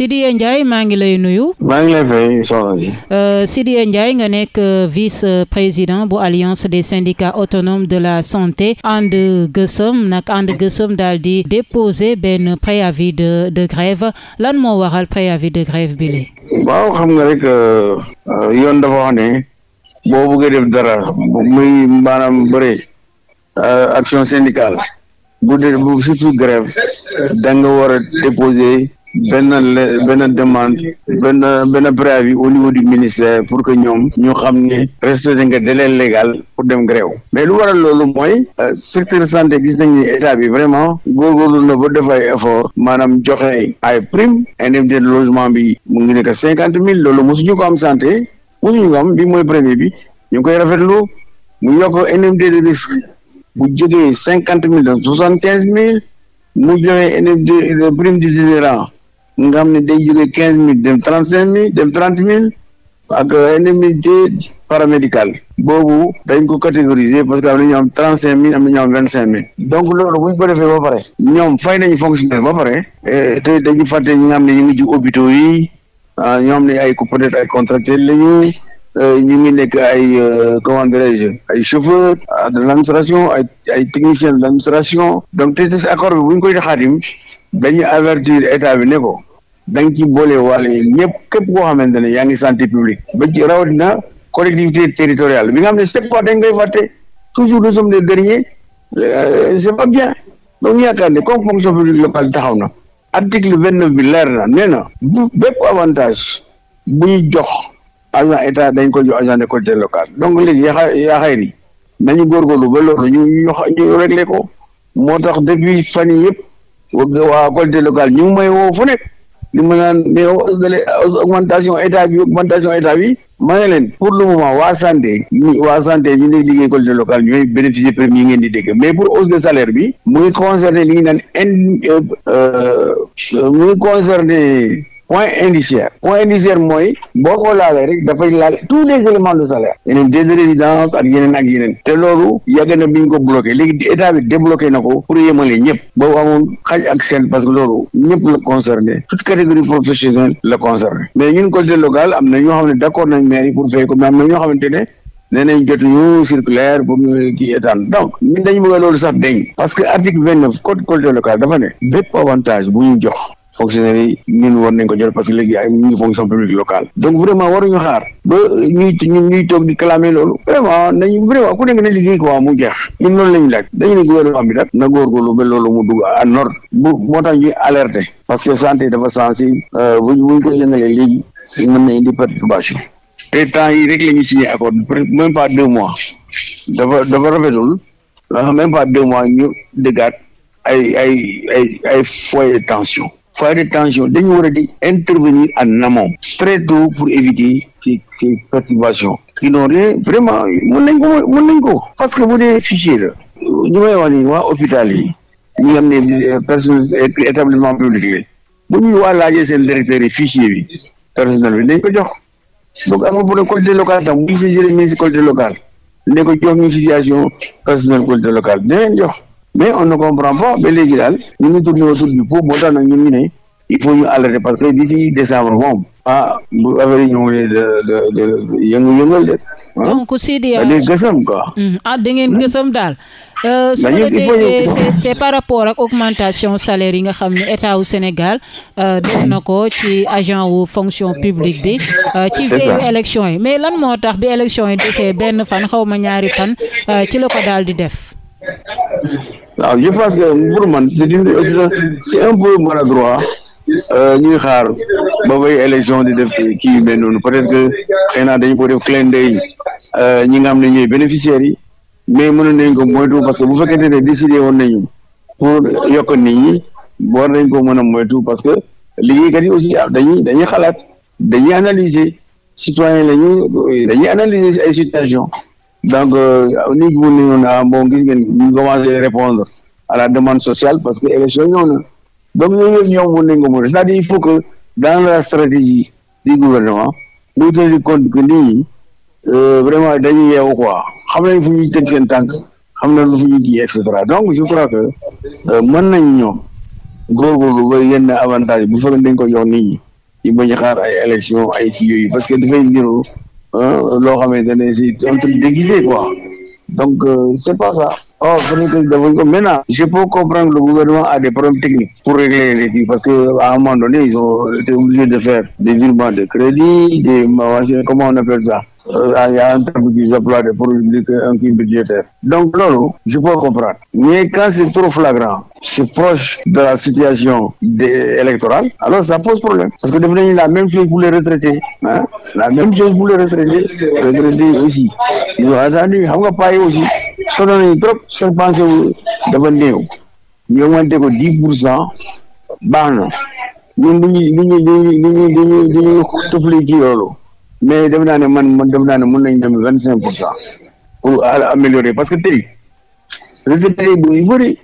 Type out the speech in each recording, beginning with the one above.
Sidya Ndiaye maa ngi lay nuyu. maa ngi lay fay soxna si. Euh, Sidya Ndiaye nga nekk vice-président bu alliance des syndicats autonomes de la santé And Gësëm nag And Gësëm daal di déposer benn préavis de de grève lan moo waral préavis de grève bi li waaw xam nga rek euh, euh, yoon dafa wax ne boo buggee def dara muy maanaam bëri action syndicale bu surtout grève da nga war benn benn demande benn benn bi au niveau du ministère pour que ñoom ñu xam ne respecté nga délai légal pour dem grève mais lu waral loolu mooy euh, secteur santé gis nañ ni état bi vraiment góorgóorlu na ba def ay effort maanaam joxe ay prime indemnité de logement bi mu ngi nekk cinquante mille loolu mosuñu ko am santé mosuñu ko am bi mooy premier bi ñu ngi koy rafetlu mu yokk indemnité de risque bu jógee cinquante mille soixante quinze mille mu joxe indemnité de prime d'itinéraire nga xam ne day jógee quinze mille dem trente cinq mille dem trente mille ak indemnité paramédicale boobu dañ ko catégoriser parce que am na am trente cinq mille am na ñoo am vingt cinq mille donc loolu bu ko defee ba pare ñoom fay nañ fonctionnaire ba pare eh, te dañu fàtte ñi nga xam ne ñu ngi yi ah, ñoo xam ay peut-être ay contractuels lañu eh, ñu ngi nekk ay euh, comment dirais-je ay chauffeur ah, de l'administration ay ay technicien de l'administration donc te accord bi bu ñu koy xaatim dañu avertir état bi ne ko da nga ci boole wàll ñëpp képp koo xamante ne yaa ngi santé publique ba ci rawatina collectivité territoriale bi nga xam ne chaque fois dañ koy fàtte toujours nous sommes les derniers euh, c'est pas bien donc yaakaar ne comme fonction publique locale taxaw na article vingt neuf bi leer na nee na bu bépp avantage bu ñu jox agent état dañ ko jox agent de collectivité locale donc léegi yaa yaaxay ni nañu góorgóorlu ba loolu ñu ñu réglé ko moo tax depuis fan yii wa waa collectivité locale ñu may woo nekk li ma naan mais augmentation état bi augmentation état bi ma ne leen pour le moment waa santé waa santé ñu nekk liggéey collectivité locale ñooy bénéficier prime yi ngeen di dégg mais pour hausse de salaire bi mu ngi concerné li ñu naan in euh, euh, mu ngi point indiciaire point indiciaire mooy boo ko laalee rek dafay laal tous les éléments de salaire yeneen des résidence ak yeneen ak yeneen te loolu yàgg na bi ñu ko bloqué léegi état bi débloqué na ko pour yemale ñëpp boobu amul ak seen parce que loolu ñëpp la concerné toute catégorie mais ñun côté local am na ñoo xam ne d'accord nañ maire yi pour fay ko mais am na ñoo xamante ne nee nañ jotuñu circulaire pour ñu kii étaan donc ñun dañu bëgg loolu sax deñ parce que article vingt neuf code collectivité locale dafa ne bépp avantage bu ñu jox fonctionnaires yi ñun war nañ ko jël parce que léegi ay ñu ngi fonction publique locale donc vraiment waruñu xaar ba ñuy toog di clamé loolu vraiment nañu vraiment ku nekk na liggéey quoi mu jeex ñun loolu lañu laaj dañu ne gouvernement bi nag na góorgóorlu ba loolu mu dugg à nord bu moo tax ñuy alerter parce que santé dafa sensible euh, bu buñ ko yëngalee léegi si mën na indi perturbation te temps yi rek la ñu signé accord même pas deux mois dafa dafa rafetul euh, même pas deux mois ñu déggaat a ay ay ay foyer de foyer de tension dañu war a di intervenir en amont très tôt pour éviter ci ci perturbation sinon ne vraiment mën nañ ko mën nañ ko parce que bu dee fichier la ñu may wax ni waa hôpital yi ñi xam ne euh, personnel euh, établissement public la bu ñuy waa laajee seen directeur yi fichier bi personnel bi dañ ko jox donc amul problème collectivité locale tam bu ñu saisir ministre collectivité locale ne ko jox ñu situation personnel collectivité locale dinañ jox mais on ne comprend pas ba léegi daal ñu ngi tourné autour du moo tax nag ñun ñu ne il faut ñu alerter parce que d'ici décembre moom ah bu affaire yi ñëw de de yëngu-yëngal de. Ah. donc Sidi ah, da ngeen gësam quoi. daal. Euh, su ma la déggee c'est par rapport ak augmentation salaire yi nga xam ne état wu Sénégal euh, def na ko ci agent wu fonction publique bi. Euh, ci veille élection yi mais lan moo tax bi élection yi desee benn fan xaw ma ñaari fan ci la ko daal di def. waaw je pense que pour man c' est une c' est un peu maladroit euh, ñuy xaar ba bay élection di def kii yu mel noonu peut que xëy na dañu ko def clin d'œil euh, ñi nga xam ne ñooy yi mais mënoon nañ ko moytu parce que bu fekkente ne décidé woon nañu pour yokk nit ñi war nañ ko mën a moytu parce que liggéeykat yi aussi ah, dañuy dañuy xalaat dañuy analyser citoyen la ñu dañuy analyser ay situation donc euh, nit bu ne ñoon ah bon gis ngeen ñu commencé répondre à la demande sociale parce que élection ñëw na donc ñooñu yëpp ñoom mën nañ ko mën c'est-à-dire il faut que dans la stratégie du gouvernement mu tenir compte que nit ñi euh, vraiment dañuy yeewu quoi xam nañ fu ñuy teg seen tànk xam nañ lu cetera donc je crois que euh, mën nañ ñoom góorgóorlu ba yenn avantage bu fekkee dañ ko jox nit ñi ñu a xaar ay élection ay kii yooyu parce que dafay niroo loo xamante ne si un truc déguisé quoi donc euh, c'est pas ça oh ko maintenant je peux comprendre le gouvernement a des problèmes techniques pour régler les parce que à moment donné ils ont été obligés de faire des virements de crédit des comment on appelle ça il y a un terme qu'ils emploient pour indiquer un crime budgétaire. Donc loolu je peux comprendre mais quand c'est trop flagrant c'est proche de la situation électorale alors ça pose problème parce que def nañu la même chose pour les retraités ah la même chose pour les retraités retraités aussi ils ont attendu xam nga payi aussi sono nañu trop seen pensé wu dafa néew ñu augmenté ko dix pour cent baax na ñun duñu duñu duñu duñu duñu tëfli ci loolu mais def naa ne man man def naa ne mën nañ dem vingt cinq pour cent pour améliorer parce que tey résultat yi bu ñu bëri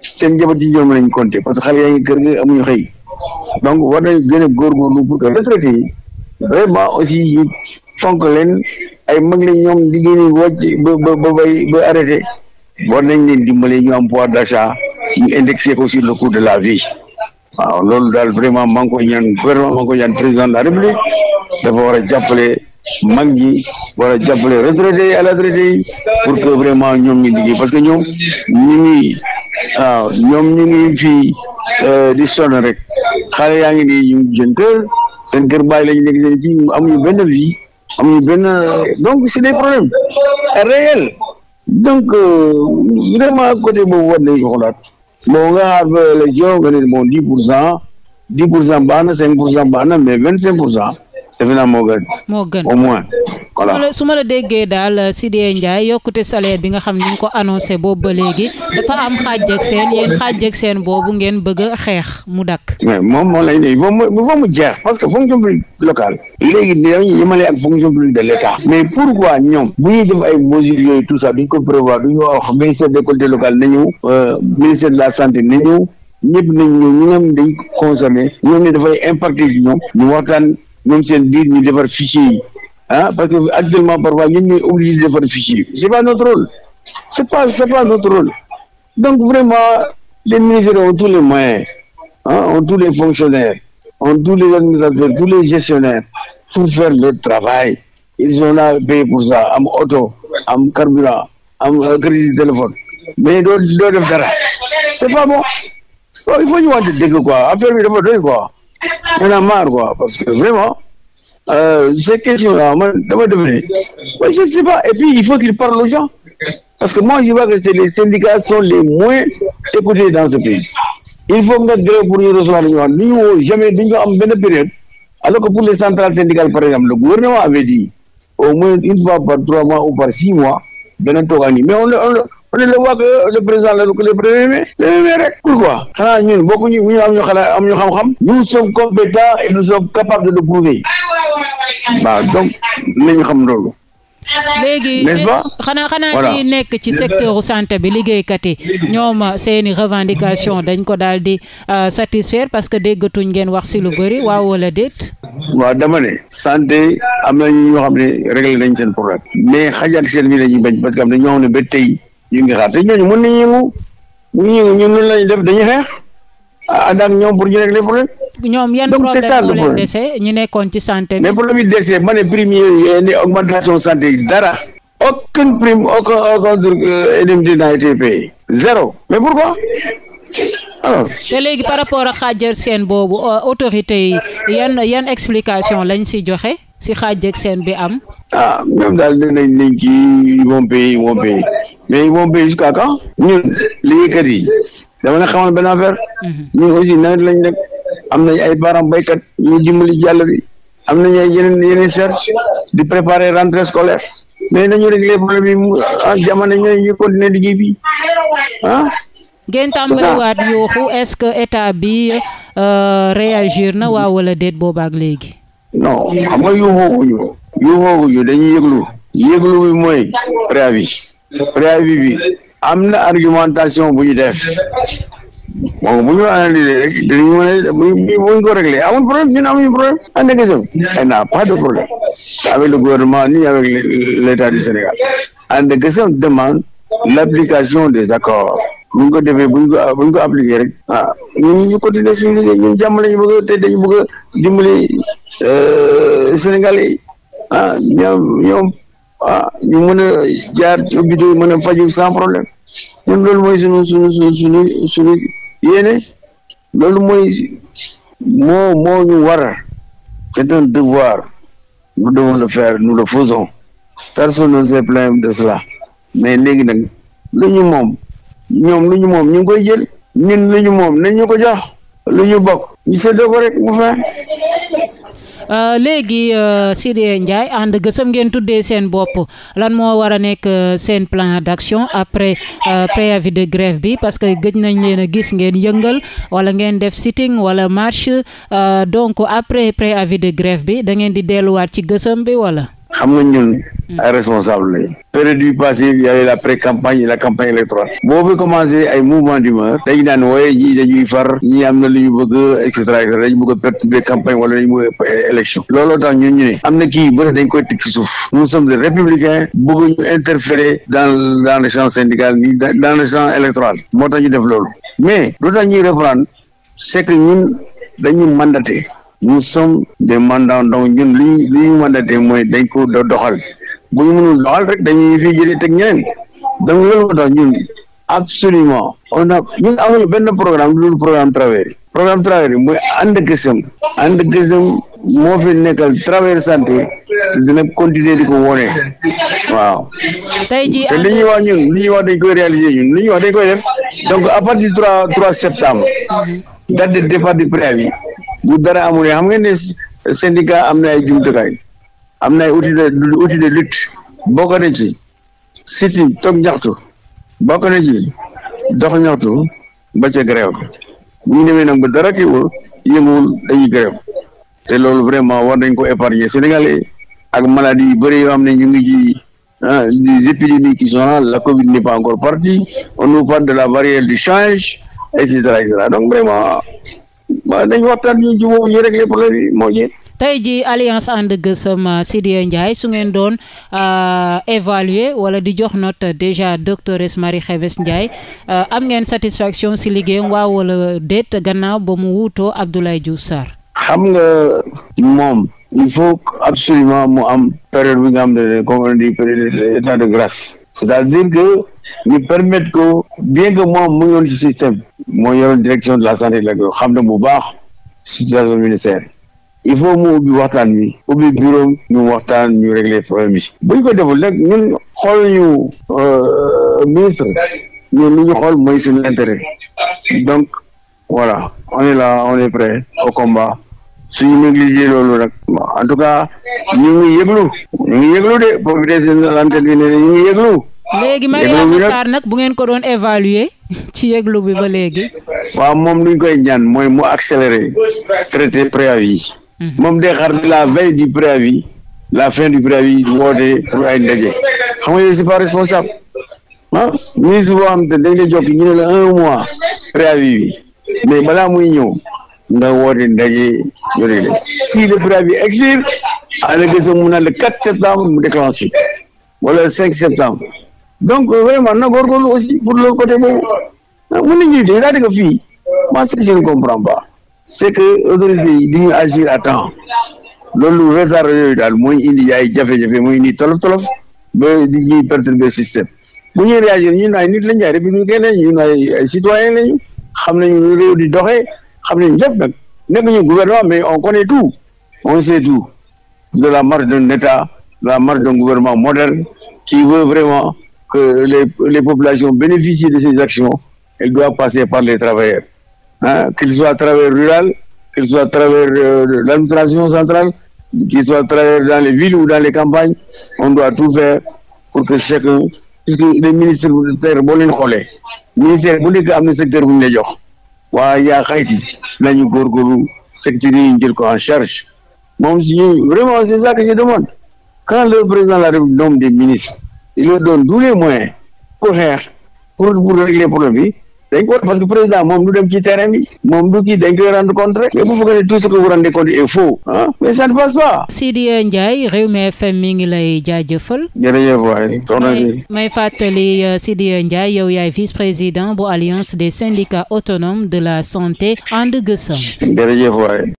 seen jabar ci ñoom lañ compter parce que xale yaa ngi kër gi amuñu xëy donc war nañ gën a góorgóorlu pour que retraité vraiment aussi ñu fonk leen ay mag lañ ñoom liggéey ba ba ba bay ba arrêté war nañ leen dimbale ñu am pouvoir d'achat ñu indexé ko sur le coût de la vie waaw loolu daal vraiment maa ngi koy ñaan gouvernement maa ngi président de la république dafa war a jàppale mag ñi war a jàppale retraité yi à la retraité yi pour que vraiment ñoom ñu liggéey parce que ñom ñu ngi waaw ñoom ñu ngi fii euh, di sonn rek xale yaa ngi nii ñu ngi jën kër seen kër bàyyi lañu nekk seen fii amuñu benn vie amuñu benn donc c'est des problèmes réels donc euh, vraiment côté boobu war nañu ko xoolaat bon nga xaar ba élection nga ne bon dix pour cent dix pour cent na cinq pour cent baax na mais vingt cinq pour cent defe naa moo gën. moo gën au moins. su ma la su ma la déggee daal Sidya Ndiaye yokkute salaire bi nga xam ni ñu ko annoncé boobu ba léegi dafa am xaaj ak seen yéen xaaj ak seen boobu ngeen bëgg a xeex mu dakk mais moom moom lay ne moom moo mu jeex parce que fonction publique locale léegi dañuy yemale ak fonction publique de l' état. mais pourquoi ñoom bu ñuy def ay mesures yooyu tout ça duñ ko prévoir duñ ko wax ministère des collectivités locales nañu euh, ministère de la santé nañu ñëpp nañ ñëw ñi nga xam dañ consommé ñoom ne dafay impacté ci ñoom ñu waxtaan. ñoom seen biir ñu defar fichier yi ah parce que actuellement parfois ñun ñooy obligé de defar fichier yi c' est pas notre rôle c' est pas notre rôle donc vraiment de ministères ont tous les moyens ah ont tous les fonctionnaires ont tous les administrateurs tous les gestionnaires pour faire leur travail ils sont là payés pour ça am oto am carburant am euh, crédit téléphone mais doo doo def dara c' est pas bon oh, il faut ñu wante dégg quoi affaire bi dafa doy quoi. on a marre quoi parce que vraiment euh, ces questions-là man dama def ne oui je ne sais pas et puis il faut qu'il parle aux gens parce que moi je vois que c'est les syndicats sont les moins écoutés dans ce pays il faut nga grève pour ñu recevoir ñu wax ñu woo jamais du ñu am benn période alors que pour les centrales syndicales par exemple le gouvernement avait dit au moins une fois par trois mois ou par six mois beneen toogaan yi mais on est le voit que le président la que le premier premier rek pourquoi xanaa ñun bokkuñu ñu am ñu xalaat am ñu xam-xam nous sommes compétents et nous sommes capables de le prouver waaw donc nañu xam loolu léegi xanaa xanaa ñi nekk ci secteur santé bi liggéeykat yi ñoom seeni revendication dañ ko daal di euh, satisfaire parce que déggatuñ ngeen wax si lu bëri waaw wala déet waaw dama ne santé am na ñu ñoo xam ne réglé nañ seen problème mais xajaat seen bi la ñuy bañ parce que am na ñoo xam ne ba tey ñu ngi xaar te ñooñu mën nañu yëngu ñu yëngu ñun loolu def dañu xeex ànd ak ñoom pour ñu régler problème. ñoom yan problème moo leen dese ñu nekkoon ci santé bi. mais problème yi dese ma ne prime yi euh, ne augmentation santé yi dara. aucune prime euh, zéro mais pourquoi ko te léegi par rapport a xaajal seen boobu euh, autorité yi yan yan explication lañ si joxe si xaajal seen bi am. ah ñoom daal dinañ nañ ci ils vont payer ils vont payer mais ils vont ñun liggéeykat yi dama la xamal benn affaire mhm. ñun aussi nawet lañ rek am nañ ay parents béykat ñu dimbali jàll bi am nañ ay yeneen yeneen search di préparer rentrée scolaire mais nañu régler problème yi ah jamono ñooy ñu continuer liggéey bi ah. ngeen tàmbaliwaat yuuxu est-ce que état bi euh, réagir na waa wala déet boobaak léegi. non xam nga yuuxu yuuxoo ñu dañuy yëglu yëglu bi mooy préavis préavis bi am na argumentation bu ñu def bon bu ñu analyser rek dañu mën a bu ñu ko réglé amul problème ñun amuñu problème en négociation n'a pas de problème avec le gouvernement ni avec l'État du Sénégal en négociation demande des accords bu ñu ko defee bu ko bu ko appliqué rek ah ñun ñu continuer suñu liggéey ñun jàmm lañu bëgg dañu bëgg a dimbali euh, Sénégalais ah ñoom ñoom ah ñu mën a jaar ci hôpitaux yi mën a faju ñun loolu mooy sunu sunu sunu sunu sunu yéene loolu mooy moo moo ñu war c'est un devoir nous devons le faire nous le faisons personne ne s'est plaint de cela mais léegi nag lu ñu moom ñoom lu ñu moom koy jël ñun lu ñu moom nañ ñu ko jox lu ñu bokk. ñu séddoo ko rek mu euh, léegi euh, Sidya Ndiaye ànd gësëm ngeen tuddee seen bopp lan moo war a nekk euh, seen plan d'action après préavis de grève bi parce que gëj nañ leen a gis ngeen yëngal wala ngeen def sitting wala marche donc après préavis de grève bi da ngeen di delluwaat ci gësëm bi wala. xam nga ñun. Mm. ay responsable lañu. période yu passée y la pré-campagne la campagne électorale boo fi commencé ay mouvement d'humeur dañu naan wooye ñii dañuy far ñii am na lu ñu bëgg et dañu bëgg a perturber campagne wala dañu bëgg élection looloo tax ñun ñu am na kii bëri dañ koy teg ci suuf nous sommes des républicains bëgg ñu interférer dans dans le champ syndical ni dans le champ électoral moo tax ñu def loolu mais lu tax ñuy reprendre c'est que ñun dañu mandaté nous sommes des mandats donc ñun li ñu li ñu mooy dañ ko doxal bu ñu mënul doxal rek dañuy fi jëlee teg ñeneen donc loolu moo tax ñun absolument on a ñun amul benn programme loolu programme Travail programme Travail mooy ànd gësëm ànd gësëm moo fi nekkal Travail santé te dina continuer di ko wone waaw. tey te li ñuy wax ñun li ñuy wax dañ koy réaliser ñun li ñuy wax dañ koy def donc à partir du trois trois septembre mhm. date de départ du préavis bu dara amul xam ngeen ne syndicat am na ay jumtukaay am na ay outil de outil de lutte bokk ci siti toog ñaxtu bokk na ci dox ñaxtu ba ca grève bu ñu demee nag ba dara kiiwul yënguwul dañuy grève te loolu vraiment war nañ ko épargner sénégalais ak maladie yu bëri yoo xam ne ñu ngi ci des ah, épidémies qui sont là la Covid n'est pas encore partie on nous parle de la variole du change et cetera et donc vraiment nañ waxtaan ñu jubóo ñu réglé problème yi moo jeex. tey jii alliance ànd gësëm euh, Sidya Ndiaye su ngeen doon euh, évaluer wala di jox note déjà doctoresse Marie Khemesse Ndiaye euh, am ngeen satisfaction si liggéey waaw wala déet gannaaw ba mu wuutoo Abdoulaye Diouf Sarr. xam nga moom il faut absolument mu am période bi nga xam ne comme on état de grâce c'est-à-dire que ñu permettre ko bien que moom mu ngi woon système moo yo direction de la santé la ko xam na bu baax situation ministère il faut mu ubbi waxtaan bi ubbi bureau ñu waxtaan ñu régler problème bi bu ñu ko deful nag ñun xool ñu euh, ministre ñun li ñu xool mooy suñu intérêt donc voilà on est là on est prêt au combat suñu négligé loolu nag en tout cas ñu ngi yëglu ñu ngi yëglu de profité seen antenne bi ne ñu ngi yëglu léegi Mariama Sarr nag bu ngeen ko doon évaluer ci yëglu bi ba léegi. waaw moom lu ñu koy ñaan mooy mu accélérer traité préavis. Mhm. moom day xaar la veille du préavis la fin du préavis woote pour ay ndaje xam nga yooyu c'est pas responsable ah ministre boo xam te dañ lay jokk ñu ne la un mois préavis bi mais balaa muy ñëw nga woote ndaje yore la si le préavis expire à la gëstu mu naan le 4 septembre mu déclenché wala le 5 septembre. donc euh, vraiment na góorgóorlu aussi pour le côté boobu mun nañu dégg daa dégg fii moi ce que je ne comprends pas c' que autorités yi du ñu agir à temps loolu retard yooyu daal mooy indi ay jafe-jafe mooy indi tolof tolof ba di ñuy perturber système bu ñuy réagir ñun ay nit lañ ay républicain lañ ñun ay citoyen lañu xam nañu ñu di doxe xam nañu lépp nag nekk ñu gouvernement mais on connaît tout on sait tout de la marche d'un état de la marche d'un gouvernement moderne vraiment que les, les populations bénéficient de ces actions, elles doivent passer par les travailleurs. Hein, qu'ils soient à travers rural, qu'ils soient à travers euh, l'administration centrale, qu'ils soient à travers dans les villes ou dans les campagnes, on doit tout faire pour que chacun, puisque les ministres boo leen xoolee ministère bu nekk am na secteur bu ñu lay jox waa yaa xayti nañu góorgóorlu secteur yi ñu jël ko en charge moom si ñu vraiment c'est ça que je demande quand le président la République nomme des ministres il leur donne tous les moyens pour régler problème bi dañ ko parce que président moom du dem ci terrain bi moom du kii dañ koy rendre compte rek mais mais ça ne passe pas. Sidy Ndiaye Rewmi FM mi ngi lay jaajëfal. jërëjëf waay soxna si. may euh, yow yaay vice président bu alliance des syndicats autonomes de la santé and gësëm. jërëjëf